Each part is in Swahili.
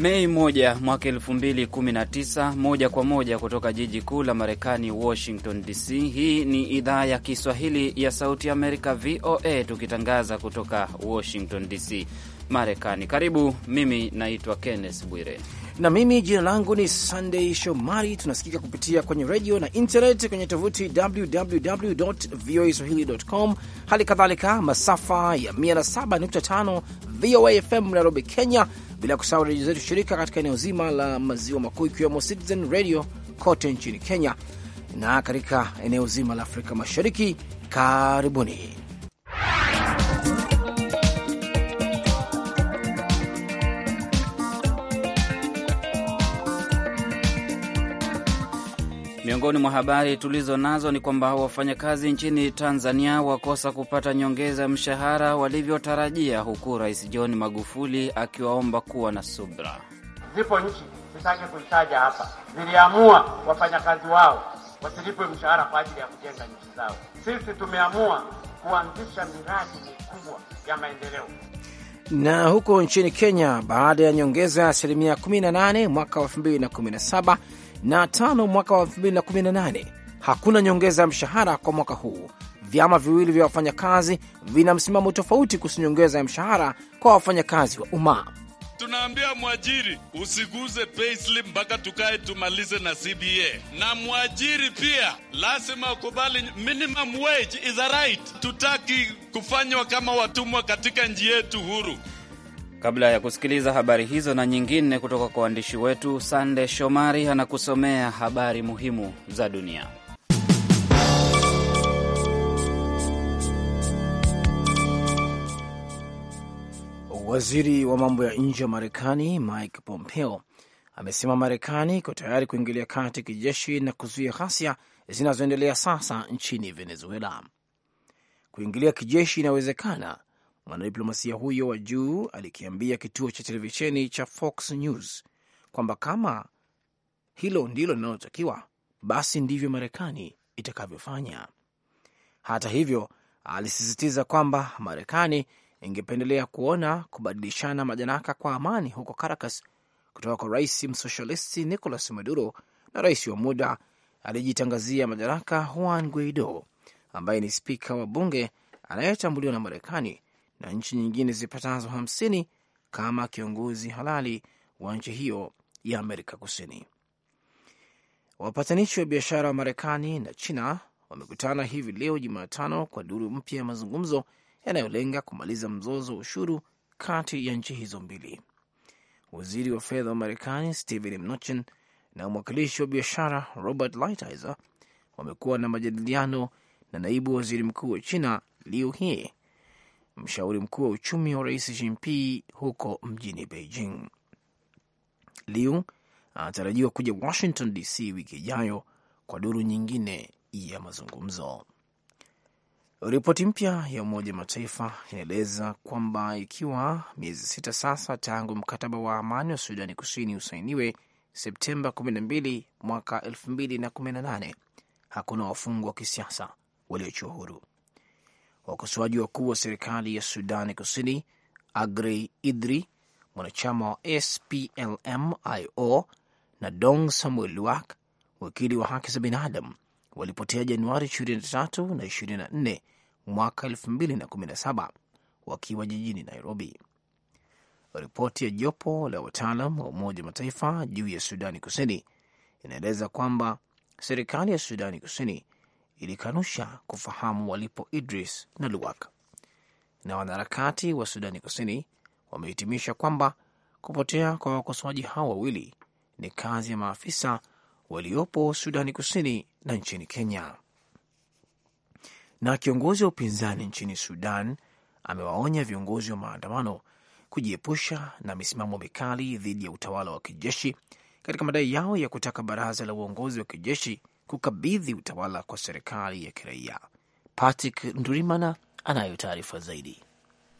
Mei moja mwaka elfu mbili kumi na tisa, moja kwa moja kutoka jiji kuu la Marekani, Washington DC. Hii ni idhaa ya Kiswahili ya Sauti ya Amerika, VOA, tukitangaza kutoka Washington DC, Marekani. Karibu. Mimi naitwa Kenneth Bwire na mimi jina langu ni Sunday Shomari. Tunasikika kupitia kwenye redio na internet kwenye tovuti www voa swahilicom, hali kadhalika masafa ya 107.5 VOA FM Nairobi, Kenya bila kusahau redio zetu shirika katika eneo zima la maziwa makuu ikiwemo Citizen Radio kote nchini Kenya na katika eneo zima la Afrika Mashariki. Karibuni. Miongoni mwa habari tulizo nazo ni kwamba wafanyakazi nchini Tanzania wakosa kupata nyongeza ya mshahara walivyotarajia, huku Rais John Magufuli akiwaomba kuwa na subra. Zipo nchi sitaki kuitaja hapa, ziliamua wafanyakazi wao wasilipwe mshahara kwa ajili ya kujenga nchi zao. Sisi tumeamua kuanzisha miradi mikubwa ya maendeleo. Na huko nchini Kenya, baada ya nyongeza ya asilimia 18 mwaka wa 2017 na tano mwaka wa 2018 hakuna nyongeza ya mshahara kwa mwaka huu. Vyama viwili vya wafanyakazi vina msimamo tofauti kuhusu nyongeza ya mshahara kwa wafanyakazi wa umma. Tunaambia mwajiri usiguze payslip mpaka tukae tumalize na CBA, na mwajiri pia lazima ukubali minimum wage is a right. Tutaki kufanywa kama watumwa katika nchi yetu huru. Kabla ya kusikiliza habari hizo na nyingine kutoka kwa waandishi wetu, Sande Shomari anakusomea habari muhimu za dunia. Waziri wa mambo ya nje wa Marekani Mike Pompeo amesema Marekani iko tayari kuingilia kati kijeshi na kuzuia ghasia zinazoendelea sasa nchini Venezuela. Kuingilia kijeshi inawezekana Mwanadiplomasia huyo wa juu alikiambia kituo cha televisheni cha Fox News kwamba kama hilo ndilo linalotakiwa, basi ndivyo Marekani itakavyofanya. Hata hivyo, alisisitiza kwamba Marekani ingependelea kuona kubadilishana madaraka kwa amani huko Caracas kutoka kwa rais msosialisti Nicolas Maduro na rais wa muda alijitangazia madaraka Juan Guaido ambaye ni spika wa bunge anayetambuliwa na Marekani na nchi nyingine zipatazo hamsini kama kiongozi halali wa nchi hiyo ya Amerika Kusini. Wapatanishi wa biashara wa Marekani na China wamekutana hivi leo Jumatano kwa duru mpya ya mazungumzo yanayolenga kumaliza mzozo wa ushuru kati ya nchi hizo mbili. Waziri wa fedha wa Marekani Steven Mnuchin na mwakilishi wa biashara Robert Lighthizer wamekuwa na majadiliano na naibu waziri mkuu wa China Liu He mshauri mkuu wa uchumi wa rais Jinping huko mjini Beijing. Liu anatarajiwa kuja Washington DC wiki ijayo kwa duru nyingine ya mazungumzo. Ripoti mpya ya Umoja Mataifa inaeleza kwamba ikiwa miezi sita sasa tangu mkataba wa amani wa Sudani Kusini usainiwe Septemba 12 mwaka 2018 hakuna wafungwa wa kisiasa waliochua huru. Wakosoaji wakuu wa serikali ya Sudani Kusini, Agrey Idri, mwanachama wa splmio na Dong Samuel Luak, wakili wa haki za binadamu, walipotea Januari 23 na 24 mwaka 2017 wakiwa jijini Nairobi. Ripoti ya jopo la wataalam wa Umoja Mataifa juu ya Sudani Kusini inaeleza kwamba serikali ya Sudani Kusini ilikanusha kufahamu walipo Idris na Luwak. Na wanaharakati wa Sudani Kusini wamehitimisha kwamba kupotea kwa wakosoaji hao wawili ni kazi ya maafisa waliopo Sudani Kusini na nchini Kenya. Na kiongozi wa upinzani nchini Sudan amewaonya viongozi wa maandamano kujiepusha na misimamo mikali dhidi ya utawala wa kijeshi katika madai yao ya kutaka baraza la uongozi wa kijeshi kukabidhi utawala kwa serikali ya kiraia. Patrick Ndurimana anayo taarifa zaidi.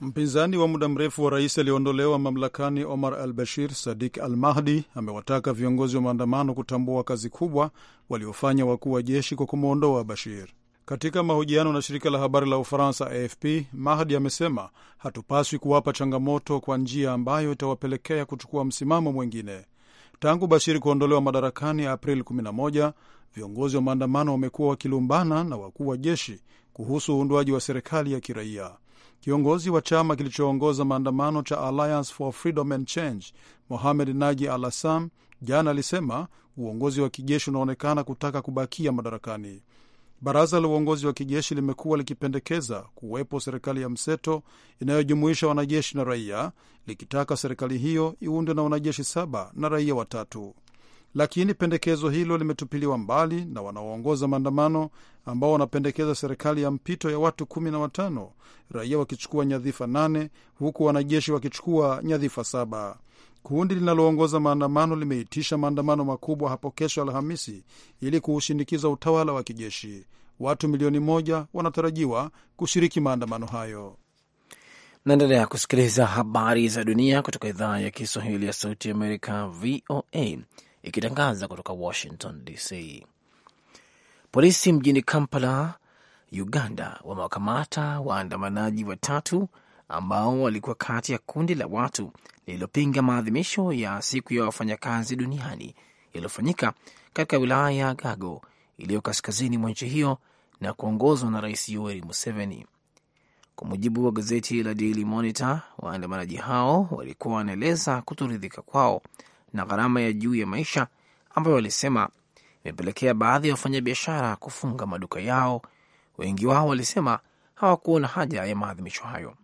Mpinzani wa muda mrefu wa rais aliyeondolewa mamlakani Omar al Bashir, Sadik al Mahdi, amewataka viongozi wa maandamano kutambua kazi kubwa waliofanya wakuu wa jeshi kwa kumwondoa Bashir. Katika mahojiano na shirika la habari la Ufaransa AFP, Mahdi amesema hatupaswi kuwapa changamoto kwa njia ambayo itawapelekea kuchukua msimamo mwingine. Tangu Bashiri kuondolewa madarakani Aprili 11, viongozi wa maandamano wamekuwa wakilumbana na wakuu wa jeshi kuhusu uundwaji wa serikali ya kiraia. Kiongozi wa chama kilichoongoza maandamano cha Alliance for Freedom and Change, Mohamed Naji Al Assam, jana alisema uongozi wa kijeshi unaonekana kutaka kubakia madarakani. Baraza la uongozi wa kijeshi limekuwa likipendekeza kuwepo serikali ya mseto inayojumuisha wanajeshi na raia, likitaka serikali hiyo iundwe na wanajeshi saba na raia watatu, lakini pendekezo hilo limetupiliwa mbali na wanaoongoza maandamano ambao wanapendekeza serikali ya mpito ya watu kumi na watano, raia wakichukua nyadhifa nane, huku wanajeshi wakichukua nyadhifa saba. Kundi linaloongoza maandamano limeitisha maandamano makubwa hapo kesho Alhamisi ili kuushinikiza utawala wa kijeshi. Watu milioni moja wanatarajiwa kushiriki maandamano hayo. Naendelea kusikiliza habari za dunia kutoka idhaa ya Kiswahili ya Sauti ya Amerika, VOA, ikitangaza kutoka Washington DC. Polisi mjini Kampala, Uganda, wamewakamata waandamanaji watatu ambao walikuwa kati ya kundi la watu lililopinga maadhimisho ya siku ya wafanyakazi duniani yaliyofanyika katika wilaya ya Gago iliyo kaskazini mwa nchi hiyo na kuongozwa na Rais Yoweri Museveni. Kwa mujibu wa gazeti la Daily Monitor, waandamanaji hao walikuwa wanaeleza kutoridhika kwao na gharama ya juu ya maisha ambayo walisema imepelekea baadhi ya wafanyabiashara kufunga maduka yao. Wengi wao walisema hawakuona haja ya maadhimisho hayo.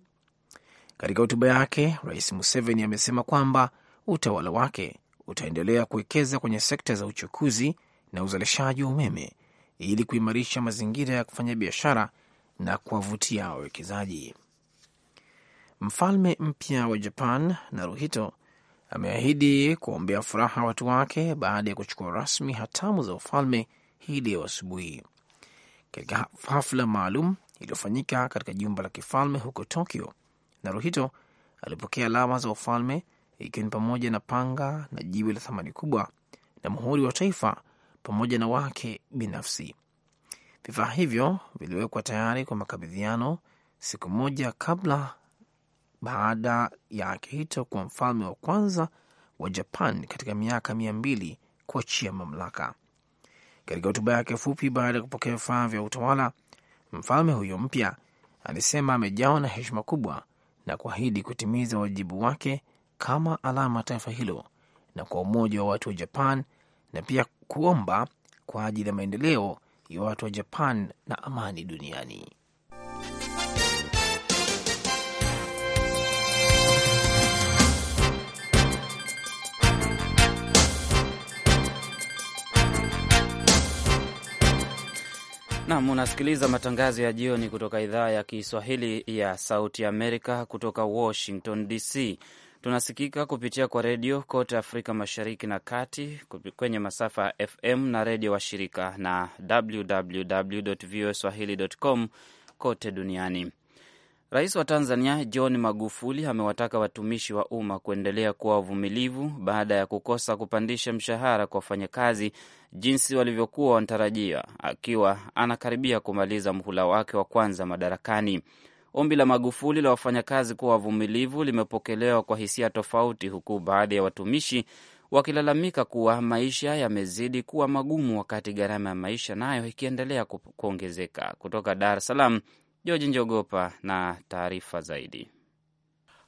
Katika hotuba yake, Rais Museveni amesema kwamba utawala wake utaendelea kuwekeza kwenye sekta za uchukuzi na uzalishaji wa umeme ili kuimarisha mazingira ya kufanya biashara na kuwavutia wawekezaji. Mfalme mpya wa Japan Naruhito ameahidi kuwaombea furaha watu wake baada ya kuchukua rasmi hatamu za ufalme hii leo asubuhi katika hafla maalum iliyofanyika katika jumba la kifalme huko Tokyo. Naruhito alipokea alama za ufalme ikiwa ni pamoja na panga na jiwe la thamani kubwa na muhuri wa taifa pamoja na wake binafsi. Vifaa hivyo viliwekwa tayari kwa makabidhiano siku moja kabla baada ya Akihito kuwa mfalme wa kwanza wa Japan katika miaka mia mbili kuachia mamlaka. Katika hotuba yake fupi baada ya kupokea vifaa vya utawala, mfalme huyo mpya alisema amejawa na heshima kubwa na kuahidi kutimiza wajibu wake kama alama taifa hilo na kwa umoja wa watu wa Japan na pia kuomba kwa ajili ya maendeleo ya watu wa Japan na amani duniani. Nam, unasikiliza matangazo ya jioni kutoka idhaa ya Kiswahili ya Sauti Amerika kutoka Washington DC. Tunasikika kupitia kwa redio kote Afrika Mashariki na Kati kwenye masafa ya FM na redio wa shirika na www voa swahili com kote duniani. Rais wa Tanzania John Magufuli amewataka watumishi wa umma kuendelea kuwa wavumilivu baada ya kukosa kupandisha mshahara kwa wafanyakazi jinsi walivyokuwa wanatarajia, akiwa anakaribia kumaliza mhula wake wa kwanza madarakani. Ombi la Magufuli la wafanyakazi kuwa wavumilivu limepokelewa kwa hisia tofauti, huku baadhi ya watumishi wakilalamika kuwa maisha yamezidi kuwa magumu, wakati gharama ya maisha nayo ikiendelea kuongezeka. Kutoka Dar es Salaam, George Njogopa na taarifa zaidi.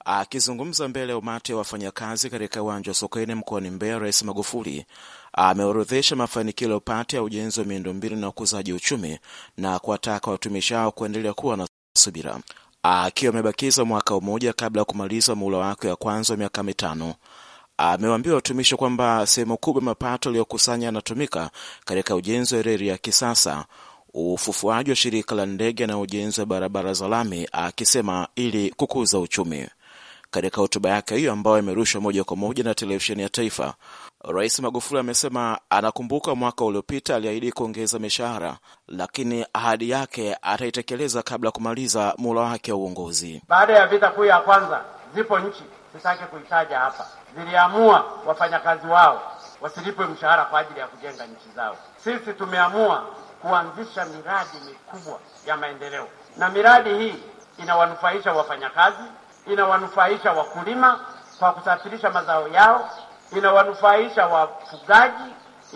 Akizungumza mbele ya umati wa wafanyakazi katika uwanja wa Sokoine mkoani Mbeya, Rais Magufuli ameorodhesha mafanikio yaliyopata ya ujenzi wa miundombinu na ukuzaji uchumi na kuwataka watumishi hao kuendelea kuwa na subira, akiwa amebakiza mwaka mmoja kabla ya kumaliza muhula wake wa kwanza wa miaka mitano. Amewaambia watumishi kwamba sehemu kubwa ya mapato aliyokusanya yanatumika katika ujenzi wa reli ya kisasa ufufuaji wa shirika la ndege na ujenzi wa barabara za lami, akisema ili kukuza uchumi. Katika hotuba yake hiyo ambayo imerushwa moja kwa moja na televisheni ya taifa, Rais Magufuli amesema anakumbuka mwaka uliopita aliahidi kuongeza mishahara, lakini ahadi yake ataitekeleza kabla ya kumaliza muhula wake wa uongozi. Baada ya vita kuu ya kwanza, zipo nchi sitake kuitaja hapa, ziliamua wafanyakazi wao wasilipwe mshahara kwa ajili ya kujenga nchi zao. Sisi tumeamua kuanzisha miradi mikubwa ya maendeleo, na miradi hii inawanufaisha wafanyakazi, inawanufaisha wakulima kwa kusafirisha mazao yao, inawanufaisha wafugaji,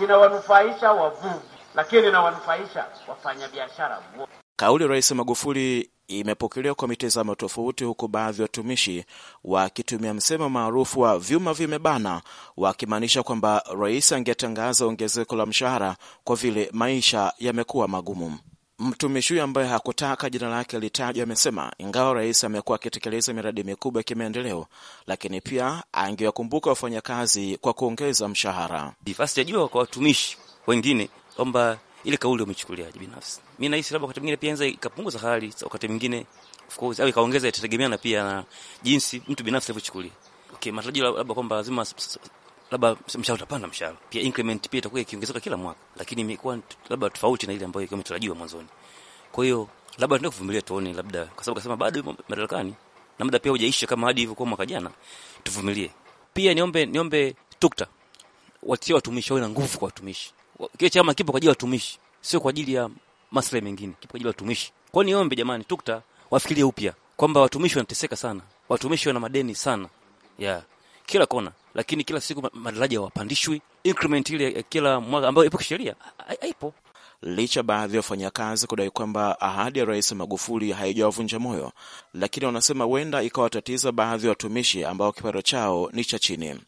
inawanufaisha wavuvi, lakini inawanufaisha wafanyabiashara wote. Kauli Rais Magufuli imepokelewa kwa mitazamo tofauti, huku baadhi ya watumishi wakitumia msemo maarufu wa vyuma vimebana, wakimaanisha kwamba rais angetangaza ongezeko la mshahara kwa vile maisha yamekuwa magumu. Mtumishi huyo ambaye hakutaka jina lake litajwa amesema ingawa rais amekuwa akitekeleza miradi mikubwa ya kimaendeleo, lakini pia angewakumbuka wafanyakazi kwa kuongeza mshahara. Sijajua kwa watumishi wengine kwamba ile kauli umechukuliaje binafsi? Mimi nahisi labda wakati mwingine pia inaweza ikapunguza hali, wakati mwingine of course au ikaongeza, itategemeana pia na jinsi mtu binafsi alivyochukulia. Okay, matarajio labda kwamba lazima labda mshahara utapanda, mshahara pia increment pia itakuwa ikiongezeka kila mwaka, lakini imekuwa labda tofauti na ile ambayo ilikuwa imetarajiwa mwanzoni. Kwa hiyo labda tunataka kuvumilia tuone, labda kwa sababu kasema bado madarakani na muda pia hujaisha kama hadi hivyo kwa mwaka jana, tuvumilie. Pia niombe niombe tukta watie watumishi wawe na nguvu kwa watumishi kile chama kipo kwa ajili ya watumishi, sio kwa ajili ya maslahi mengine, kipo kwa ajili ya watumishi. Kwa hiyo niombe jamani, tukta wafikirie upya kwamba watumishi wanateseka sana, watumishi wana madeni sana ya yeah, kila kona, lakini kila siku madaraja hawapandishwi, increment ile kila mwaka ambayo ipo kisheria haipo licha baadhi ya wafanyakazi kudai kwamba ahadi ya Rais Magufuli haijawavunja moyo, lakini wanasema huenda ikawatatiza baadhi ya watumishi ambao kipato chao ni cha chini.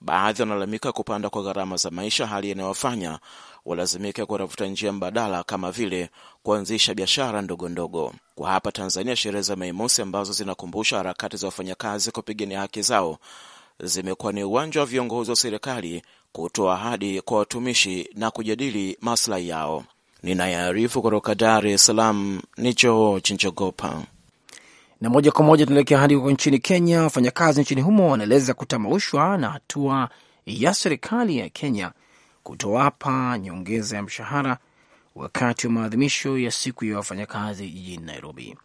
Baadhi wanalalamika kupanda kwa gharama za maisha, hali inayowafanya walazimika kutafuta njia mbadala kama vile kuanzisha biashara ndogo ndogo. Kwa hapa Tanzania, sherehe za Mei Mosi ambazo zinakumbusha harakati za wafanyakazi kupigania haki zao zimekuwa ni uwanja wa viongozi wa serikali kutoa ahadi kwa watumishi na kujadili maslahi yao. Ninayearifu kutoka Dar es Salaam ni Choo Chinchogopa. Na moja kwa moja tunaelekea hadi huko nchini Kenya. Wafanyakazi nchini humo wanaeleza kutamaushwa na hatua ya serikali ya Kenya kutowapa nyongeza ya mshahara wakati wa maadhimisho ya siku ya wafanyakazi jijini Nairobi.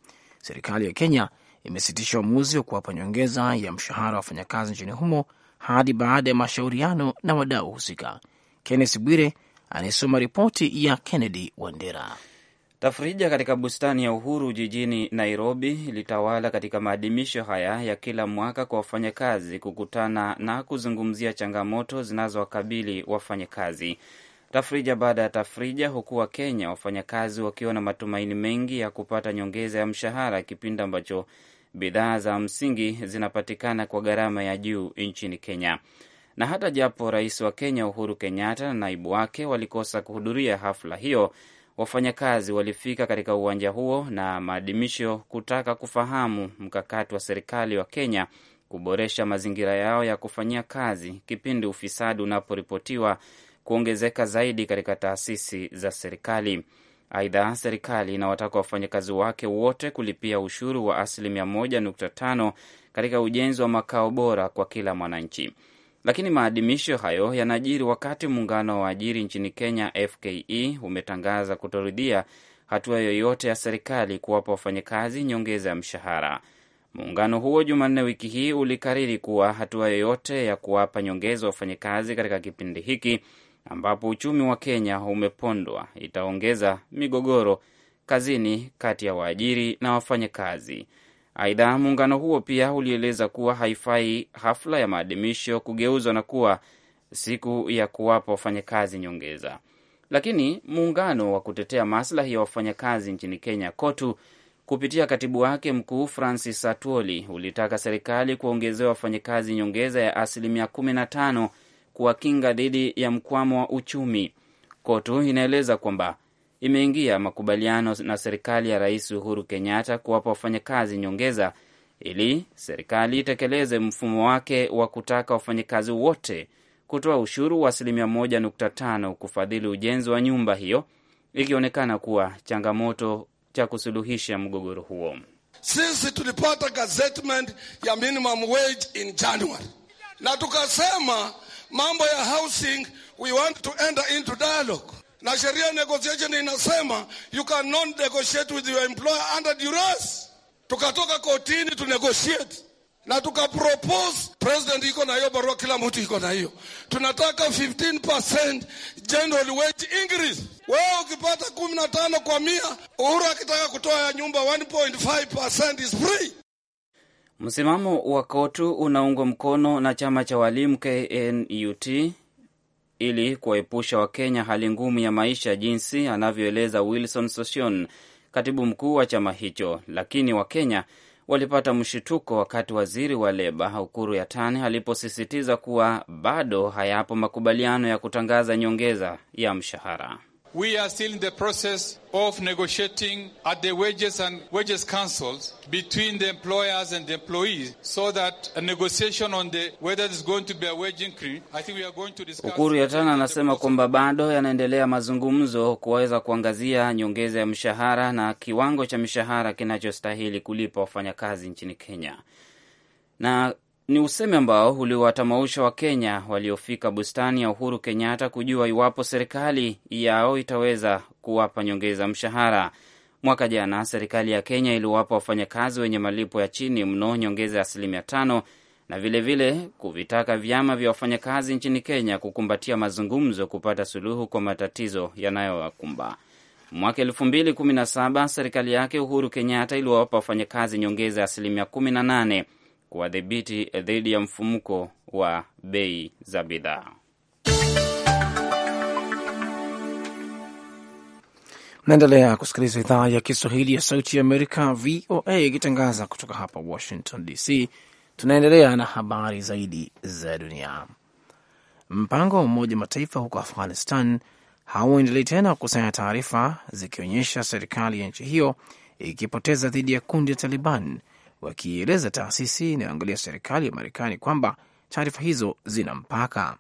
Serikali ya Kenya imesitisha uamuzi wa kuwapa nyongeza ya mshahara wa wafanyakazi nchini humo hadi baada ya mashauriano na wadau husika. kennes Bwire anayesoma ripoti ya Kennedy Wandera. Tafrija katika bustani ya Uhuru jijini Nairobi ilitawala katika maadhimisho haya ya kila mwaka kwa wafanyakazi kukutana na kuzungumzia changamoto zinazowakabili wafanyakazi. Tafrija baada ya tafrija, huku wa kenya wafanyakazi wakiwa na matumaini mengi ya kupata nyongeza ya mshahara, kipindi ambacho bidhaa za msingi zinapatikana kwa gharama ya juu nchini Kenya. Na hata japo rais wa Kenya Uhuru Kenyatta na naibu wake walikosa kuhudhuria hafla hiyo Wafanyakazi walifika katika uwanja huo na maadhimisho kutaka kufahamu mkakati wa serikali wa Kenya kuboresha mazingira yao ya kufanyia kazi kipindi ufisadi unaporipotiwa kuongezeka zaidi katika taasisi za serikali. Aidha, serikali inawataka wafanyakazi wake wote kulipia ushuru wa asilimia moja nukta tano katika ujenzi wa makao bora kwa kila mwananchi. Lakini maadhimisho hayo yanajiri wakati muungano wa waajiri nchini Kenya, FKE, umetangaza kutoridhia hatua yoyote ya serikali kuwapa wafanyakazi nyongeza ya mshahara. Muungano huo Jumanne wiki hii ulikariri kuwa hatua yoyote ya kuwapa nyongeza wafanyakazi katika kipindi hiki ambapo uchumi wa Kenya umepondwa itaongeza migogoro kazini kati ya waajiri na wafanyakazi. Aidha, muungano huo pia ulieleza kuwa haifai hafla ya maadhimisho kugeuzwa na kuwa siku ya kuwapa wafanyakazi nyongeza. Lakini muungano wa kutetea maslahi ya wafanyakazi nchini Kenya, KOTU, kupitia katibu wake mkuu Francis Atwoli, ulitaka serikali kuwaongezea wafanyakazi nyongeza ya asilimia 15 kuwakinga dhidi ya mkwamo wa uchumi. KOTU inaeleza kwamba imeingia makubaliano na serikali ya Rais Uhuru Kenyatta kuwapa wafanyakazi nyongeza ili serikali itekeleze mfumo wake wa kutaka wafanyakazi wote kutoa ushuru wa asilimia moja nukta tano kufadhili ujenzi wa nyumba hiyo, ikionekana kuwa changamoto cha kusuluhisha mgogoro huo. Sisi tulipata gazetment ya minimum wage in January na tukasema mambo ya housing, we want to enter into dialogue na sheria negotiation inasema you cannot negotiate with your employer under duress. Tukatoka kotini tu negotiate na tukapropose, president iko na hiyo barua, kila mtu iko na hiyo. Tunataka 15% general wage increase. Wewe ukipata 15 kwa mia, Uhuru akitaka kutoa ya nyumba 1.5% is free. Msimamo wa KOTU unaungwa mkono na chama cha walimu KNUT ili kuwaepusha Wakenya hali ngumu ya maisha, jinsi anavyoeleza Wilson Sosion, katibu mkuu wa chama hicho. Lakini Wakenya walipata mshituko wakati waziri wa leba Ukuru Yatani aliposisitiza kuwa bado hayapo makubaliano ya kutangaza nyongeza ya mshahara. We are still in the process of negotiating at the wages and wages councils between the employers and the employees so that a negotiation on the whether it's going to be a wage increase I think we are going to discuss. Ukuru Yatana anasema kwamba bado yanaendelea mazungumzo kuweza kuangazia nyongeza ya mshahara na kiwango cha mishahara kinachostahili kulipa wafanyakazi nchini Kenya. Na ni usemi ambao uliwatamausha Wakenya waliofika bustani ya Uhuru Kenyatta kujua iwapo serikali yao itaweza kuwapa nyongeza mshahara. Mwaka jana serikali ya Kenya iliwapa wafanyakazi wenye malipo ya chini mno nyongeza ya asilimia tano na vilevile vile kuvitaka vyama vya wafanyakazi nchini Kenya kukumbatia mazungumzo kupata suluhu kwa matatizo yanayowakumba. Mwaka elfu mbili kumi na saba serikali yake Uhuru Kenyatta iliwapa wafanyakazi nyongeza ya asilimia kumi na nane kuwadhibiti dhidi ya mfumuko wa bei za bidhaa. Naendelea kusikiliza idhaa ya Kiswahili ya Sauti ya Amerika, VOA, ikitangaza kutoka hapa Washington DC. Tunaendelea na habari zaidi za dunia. Mpango wa Umoja Mataifa huko Afghanistan hauendelei tena kukusanya taarifa zikionyesha serikali ya nchi hiyo ikipoteza dhidi ya kundi ya Taliban wakieleza taasisi inayoangalia serikali ya Marekani kwamba taarifa hizo zina mpaka.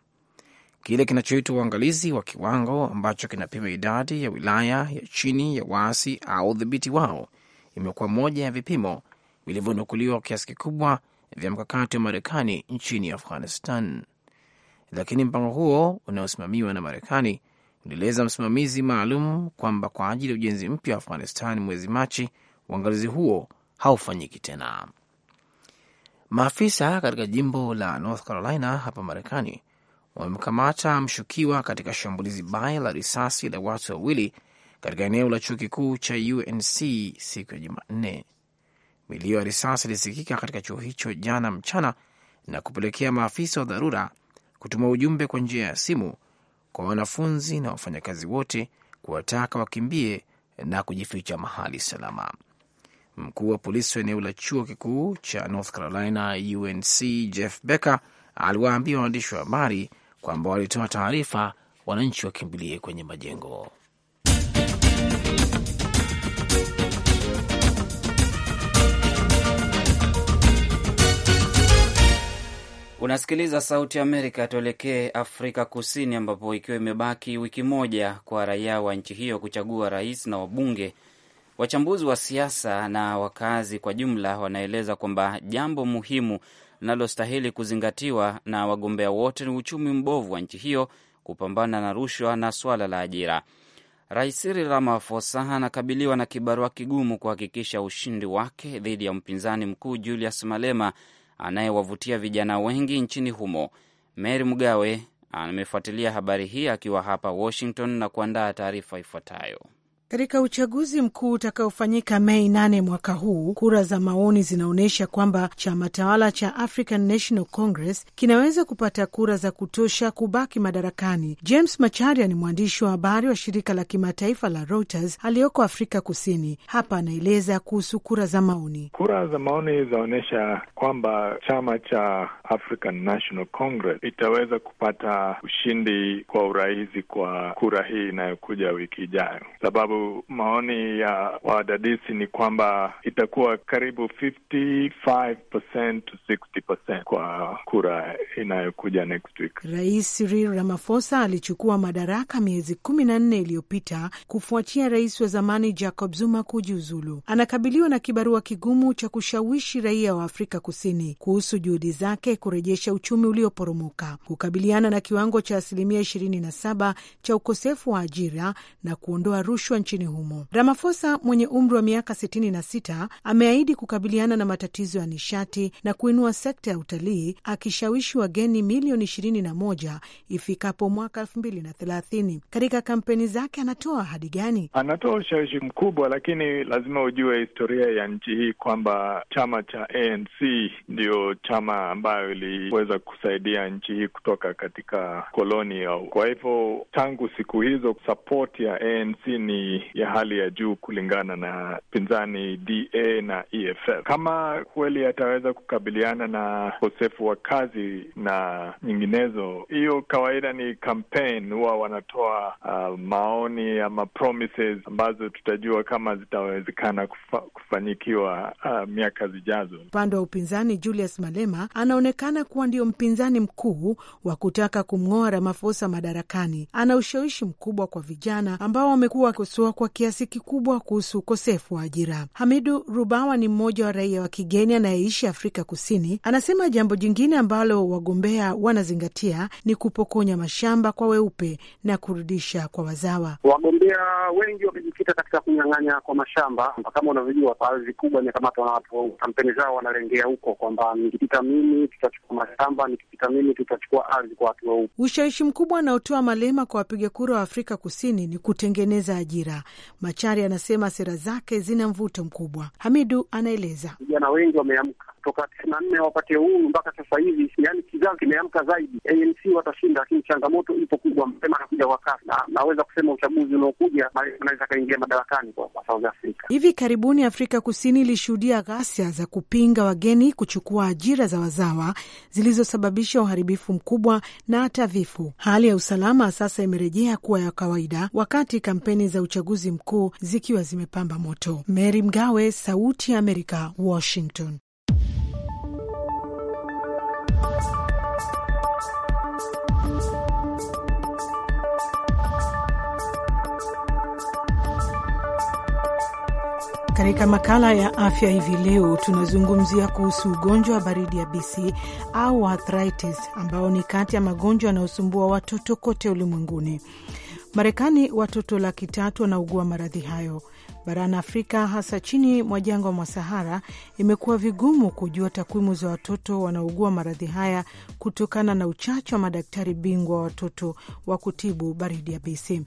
Kile kinachoitwa uangalizi wa kiwango ambacho kinapima idadi ya wilaya ya chini ya waasi au udhibiti wao imekuwa moja ya vipimo vilivyonukuliwa kwa kiasi kikubwa vya mkakati wa Marekani nchini Afghanistan. Lakini mpango huo unaosimamiwa na Marekani ulieleza msimamizi maalum kwamba kwa ajili ya ujenzi mpya wa Afghanistan mwezi Machi, uangalizi huo haufanyiki tena. Maafisa katika jimbo la North Carolina hapa Marekani wamemkamata mshukiwa katika shambulizi baya la risasi la watu wawili katika eneo la chuo kikuu cha UNC siku ya Jumanne. Milio ya risasi ilisikika katika chuo hicho jana mchana na kupelekea maafisa wa dharura kutuma ujumbe kwa njia ya simu kwa wanafunzi na wafanyakazi wote kuwataka wakimbie na kujificha mahali salama. Mkuu wa polisi wa eneo la chuo kikuu cha North Carolina UNC Jeff Becker aliwaambia waandishi wa habari kwamba walitoa taarifa wananchi wakimbilie kwenye majengo. Unasikiliza Sauti ya Amerika. Tuelekee Afrika Kusini, ambapo ikiwa imebaki wiki moja kwa raia wa nchi hiyo kuchagua rais na wabunge Wachambuzi wa siasa na wakazi kwa jumla wanaeleza kwamba jambo muhimu linalostahili kuzingatiwa na wagombea wote ni uchumi mbovu wa nchi hiyo, kupambana na rushwa na swala la ajira. Rais Cyril Ramaphosa anakabiliwa na kibarua kigumu kuhakikisha ushindi wake dhidi ya mpinzani mkuu Julius Malema anayewavutia vijana wengi nchini humo. Mary Mgawe amefuatilia habari hii akiwa hapa Washington na kuandaa taarifa ifuatayo. Katika uchaguzi mkuu utakaofanyika Mei nane mwaka huu, kura za maoni zinaonyesha kwamba chama tawala cha African National Congress kinaweza kupata kura za kutosha kubaki madarakani. James Macharia ni mwandishi wa habari wa shirika la kimataifa la Reuters aliyoko Afrika Kusini. Hapa anaeleza kuhusu kura za maoni. Kura za maoni zinaonyesha kwamba chama cha African National Congress itaweza kupata ushindi kwa urahisi kwa kura hii inayokuja wiki ijayo, sababu maoni ya wadadisi ni kwamba itakuwa karibu 55% to 60% kwa kura inayokuja next week. Rais Cyril Ramaphosa alichukua madaraka miezi kumi na nne iliyopita kufuatia rais wa zamani Jacob Zuma kujiuzulu. Anakabiliwa na kibarua kigumu cha kushawishi raia wa Afrika Kusini kuhusu juhudi zake kurejesha uchumi ulioporomoka, kukabiliana na kiwango cha asilimia 27 cha ukosefu wa ajira na kuondoa rushwa nchini humo. Ramafosa mwenye umri wa miaka 66 ameahidi kukabiliana na matatizo ya nishati na kuinua sekta ya utalii, akishawishi wageni milioni 21 ifikapo mwaka 2030. Katika kampeni zake anatoa ahadi gani? Anatoa ushawishi mkubwa, lakini lazima ujue historia ya nchi hii kwamba chama cha ANC ndiyo chama ambayo iliweza kusaidia nchi hii kutoka katika koloni. Kwa hivyo tangu siku hizo sapoti ya ANC ni ya hali ya juu kulingana na pinzani DA na EFF. Kama kweli ataweza kukabiliana na ukosefu wa kazi na nyinginezo, hiyo kawaida ni campaign, huwa wanatoa uh, maoni ama promises ambazo tutajua kama zitawezekana kufa, kufanyikiwa uh, miaka zijazo. Upande wa upinzani, Julius Malema anaonekana kuwa ndio mpinzani mkuu wa kutaka kumng'oa Ramaphosa madarakani. Ana ushawishi mkubwa kwa vijana ambao wamekuwa wakosoa kwa kiasi kikubwa kuhusu ukosefu wa ajira. Hamidu Rubawa ni mmoja wa raia wa kigeni anayeishi Afrika Kusini. Anasema jambo jingine ambalo wagombea wanazingatia ni kupokonya mashamba kwa weupe na kurudisha kwa wazawa. Wagombea wengi wamejikita katika kunyang'anya kwa mashamba. Kama unavyojua, ardhi kubwa imekamatwa na watu, kampeni zao wanalengea huko kwamba nikipita mimi tutachukua mashamba, nikipita mimi tutachukua ardhi kwa watu weupe. Ushawishi mkubwa anaotoa Malema kwa wapiga kura wa Afrika Kusini ni kutengeneza ajira ajira. Machari anasema sera zake zina mvuto mkubwa. Hamidu anaeleza, vijana wengi wameamka kutoka tisini na nne wapate uhuru mpaka sasa hivi, yani kizazi kimeamka zaidi. ANC watashinda, lakini changamoto ipo kubwa. Mpema anakuja kwa kasi, na naweza kusema uchaguzi unaokuja anaweza akaingia madarakani kwa South Africa. Hivi karibuni Afrika Kusini ilishuhudia ghasia za kupinga wageni kuchukua ajira za wazawa zilizosababisha uharibifu mkubwa na hata vifo. Hali ya usalama sasa imerejea kuwa ya kawaida, wakati kampeni za uchaguzi mkuu zikiwa zimepamba moto. Mary Mgawe, Sauti ya Amerika, Washington. Katika makala ya afya hivi leo tunazungumzia kuhusu ugonjwa wa baridi ya BC au arthritis, ambao ni kati ya magonjwa yanayosumbua watoto kote ulimwenguni. Marekani, watoto laki tatu wanaugua maradhi hayo barani Afrika, hasa chini mwa jangwa mwa Sahara, imekuwa vigumu kujua takwimu za watoto wanaougua maradhi haya kutokana na uchache wa madaktari bingwa wa watoto wa kutibu baridi ya BC.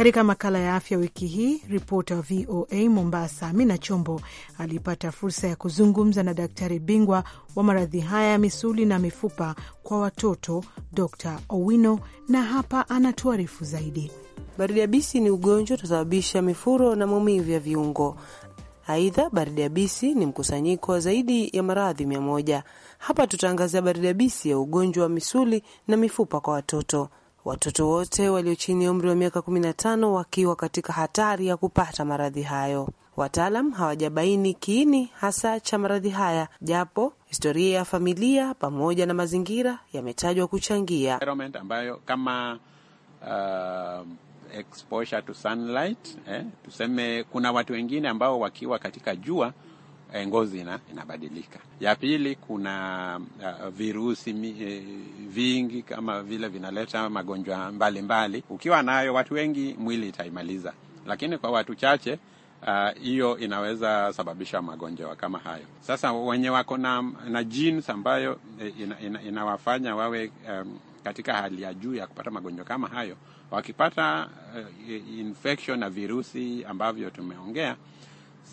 Katika makala ya afya wiki hii, ripota wa VOA Mombasa Amina Chombo alipata fursa ya kuzungumza na daktari bingwa wa maradhi haya ya misuli na mifupa kwa watoto Dr Owino, na hapa anatuarifu zaidi. Baridi yabisi ni ugonjwa utasababisha mifuro na maumivu ya viungo. Aidha, baridi yabisi ni mkusanyiko wa zaidi ya maradhi mia moja. Hapa tutaangazia baridi yabisi ya ugonjwa wa misuli na mifupa kwa watoto watoto wote walio chini ya umri wa miaka 15 wakiwa katika hatari ya kupata maradhi hayo. Wataalam hawajabaini kiini hasa cha maradhi haya, japo historia ya familia pamoja na mazingira yametajwa kuchangia ambayo kama uh, exposure to sunlight, eh, tuseme kuna watu wengine ambao wakiwa katika jua Eh, ngozi ina, inabadilika. Ya pili kuna uh, virusi mi, eh, vingi kama vile vinaleta magonjwa mbalimbali mbali. Ukiwa nayo watu wengi mwili itaimaliza, lakini kwa watu chache ah, hiyo uh, inaweza sababisha magonjwa kama hayo. Sasa wenye wako na, na genes ambayo inawafanya eh, ina, ina wawe um, katika hali ya juu ya kupata magonjwa kama hayo, wakipata uh, infection na virusi ambavyo tumeongea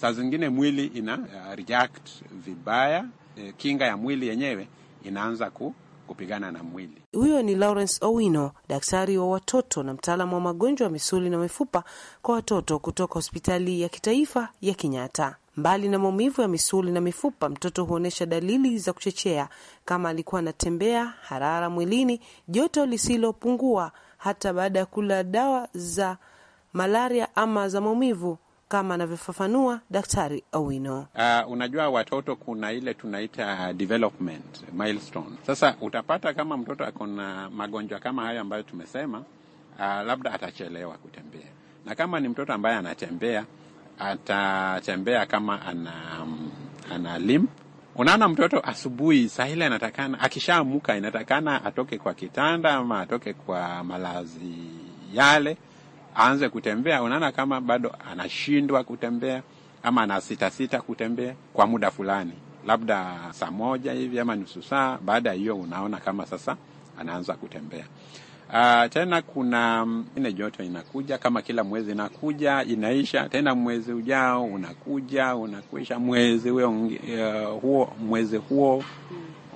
saa zingine mwili ina eh, react vibaya, eh, kinga ya mwili yenyewe inaanza ku kupigana na mwili. Huyo ni Lawrence Owino, daktari wa watoto na mtaalamu wa magonjwa ya misuli na mifupa kwa watoto kutoka hospitali ya kitaifa ya Kenyatta. Mbali na maumivu ya misuli na mifupa, mtoto huonyesha dalili za kuchechea kama alikuwa anatembea, harara mwilini, joto lisilopungua hata baada ya kula dawa za malaria ama za maumivu kama anavyofafanua Daktari Owino. Uh, unajua watoto kuna ile tunaita development milestone. Sasa utapata kama mtoto ako na magonjwa kama hayo ambayo tumesema, uh, labda atachelewa kutembea, na kama ni mtoto ambaye anatembea atatembea kama ana, ana limp. Unaona, mtoto asubuhi saa ile anatakana, akishaamuka inatakana atoke kwa kitanda ama atoke kwa malazi yale aanze kutembea, unaona kama bado anashindwa kutembea ama anasitasita kutembea kwa muda fulani, labda saa moja hivi ama nusu saa. Baada ya hiyo, unaona kama sasa anaanza kutembea. Uh, tena kuna mm, ine joto inakuja kama kila mwezi inakuja inaisha, tena mwezi ujao unakuja unakwisha, mwezi huo, uh, huo mwezi huo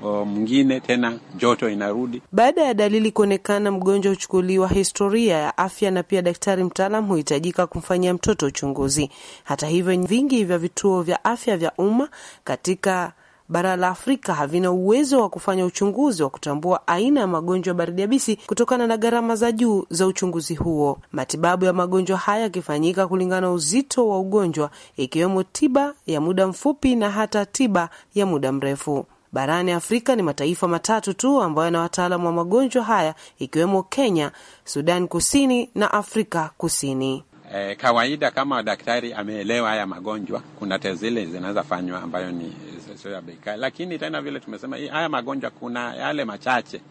mwingine tena joto inarudi. Baada ya dalili kuonekana, mgonjwa huchukuliwa historia ya afya na pia daktari mtaalam huhitajika kumfanyia mtoto uchunguzi. Hata hivyo, vingi vya vituo vya afya vya umma katika bara la Afrika havina uwezo wa kufanya uchunguzi wa kutambua aina ya magonjwa ya baridi yabisi kutokana na gharama za juu za uchunguzi huo. Matibabu ya magonjwa haya yakifanyika kulingana na uzito wa ugonjwa, ikiwemo tiba ya muda mfupi na hata tiba ya muda mrefu. Barani Afrika ni mataifa matatu tu ambayo yana wataalamu wa magonjwa haya ikiwemo Kenya, Sudan Kusini na Afrika Kusini. E, kawaida kama daktari ameelewa haya magonjwa, kuna test zile zinaweza fanywa ambayo ni sio ya bei kali, lakini tena vile tumesema haya magonjwa kuna yale machache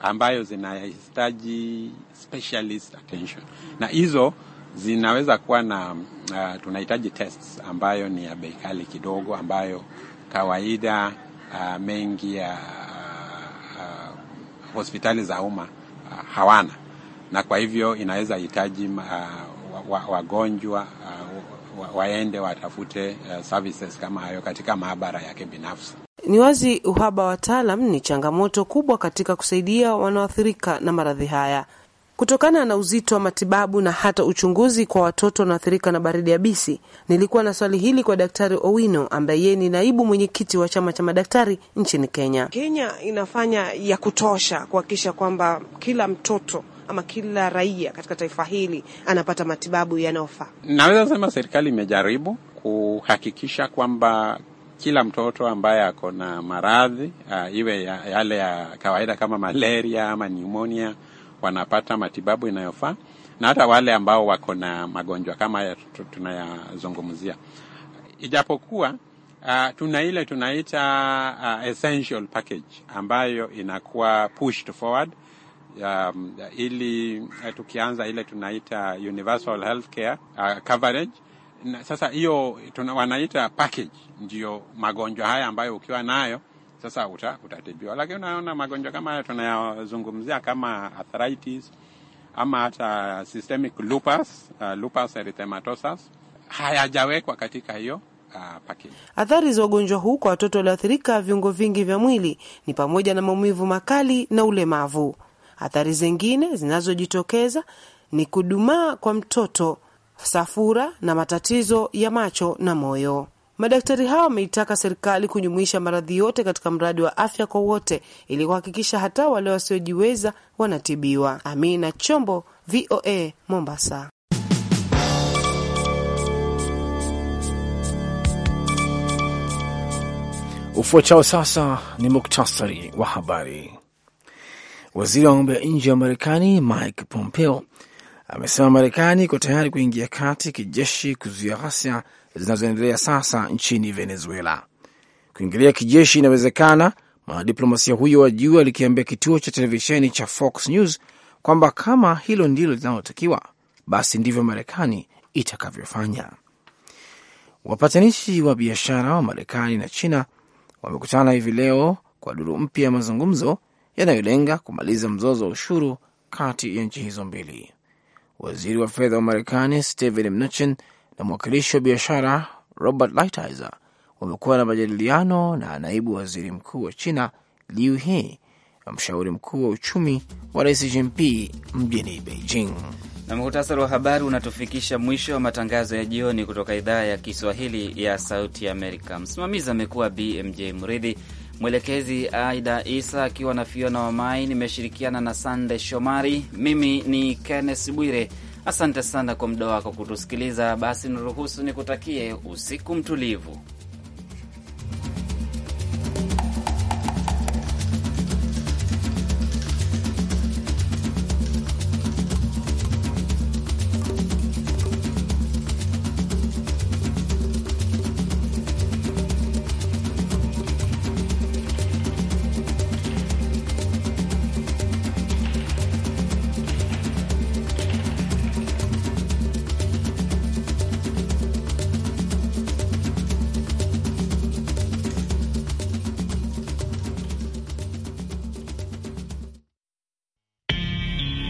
ambayo zinahitaji specialist attention na hizo zinaweza kuwa na uh, tunahitaji tests ambayo ni ya bei kali kidogo, ambayo kawaida uh, mengi ya uh, uh, hospitali za umma uh, hawana, na kwa hivyo inaweza hitaji uh, wagonjwa wa, wa uh, waende watafute uh, services kama hayo katika maabara yake binafsi. Ni wazi uhaba wa wataalam ni changamoto kubwa katika kusaidia wanaoathirika na maradhi haya. Kutokana na uzito wa matibabu na hata uchunguzi kwa watoto wanaoathirika na baridi yabisi, nilikuwa na swali hili kwa Daktari Owino ambaye yeye ni naibu mwenyekiti wa chama cha madaktari nchini Kenya. Kenya inafanya ya kutosha kuhakikisha kwamba kila mtoto ama kila raia katika taifa hili anapata matibabu yanayofaa. Naweza sema serikali imejaribu kuhakikisha kwamba kila mtoto ambaye ako na maradhi uh, iwe ya, yale ya kawaida kama malaria ama pneumonia wanapata matibabu inayofaa na hata wale ambao wako na magonjwa kama haya tunayazungumzia, ijapokuwa uh, tuna ile tunaita uh, essential package ambayo inakuwa pushed forward um, ili eh, tukianza ile tunaita universal healthcare uh, ah, coverage na sasa hiyo wanaita package, ndio magonjwa haya ambayo ukiwa nayo sasa uta, utatibiwa, lakini unaona magonjwa kama haya tunayozungumzia kama arthritis ama hata systemic lupus, uh, lupus erythematosus hayajawekwa katika hiyo Uh, athari za ugonjwa huu kwa watoto walioathirika viungo vingi vya mwili ni pamoja na maumivu makali na ulemavu. Athari zingine zinazojitokeza ni kudumaa kwa mtoto, safura na matatizo ya macho na moyo. Madaktari hao wameitaka serikali kujumuisha maradhi yote katika mradi wa afya kwa wote ili kuhakikisha hata wale wasiojiweza wanatibiwa. Amina Chombo, VOA, Mombasa. Ufuatao sasa ni muktasari wa habari. Waziri wa mambo ya nje wa Marekani Mike Pompeo amesema Marekani iko tayari kuingia kati kijeshi kuzuia ghasia zinazoendelea sasa nchini Venezuela. Kuingilia kijeshi inawezekana, mwanadiplomasia huyo wa juu alikiambia kituo cha televisheni cha Fox News kwamba kama hilo ndilo linalotakiwa, basi ndivyo Marekani itakavyofanya. Wapatanishi wa biashara wa Marekani na China wamekutana hivi leo kwa duru mpya ya mazungumzo yanayolenga kumaliza mzozo wa ushuru kati ya nchi hizo mbili. Waziri wa fedha wa Marekani Steven Mnuchin na mwakilishi wa biashara Robert Lighthizer wamekuwa na majadiliano na naibu waziri mkuu wa China Liu He na mshauri mkuu wa uchumi wa rais Jinp mjini Beijing. Na muhtasari wa habari unatufikisha mwisho wa matangazo ya jioni kutoka idhaa ya Kiswahili ya Sauti Amerika. Msimamizi amekuwa BMJ Mridhi, mwelekezi Aida Isa akiwa na Fiona Wamai. Nimeshirikiana na Sande Shomari. Mimi ni Kenneth Bwire. Asante sana kwa muda wako kutusikiliza. Basi niruhusu nikutakie usiku mtulivu.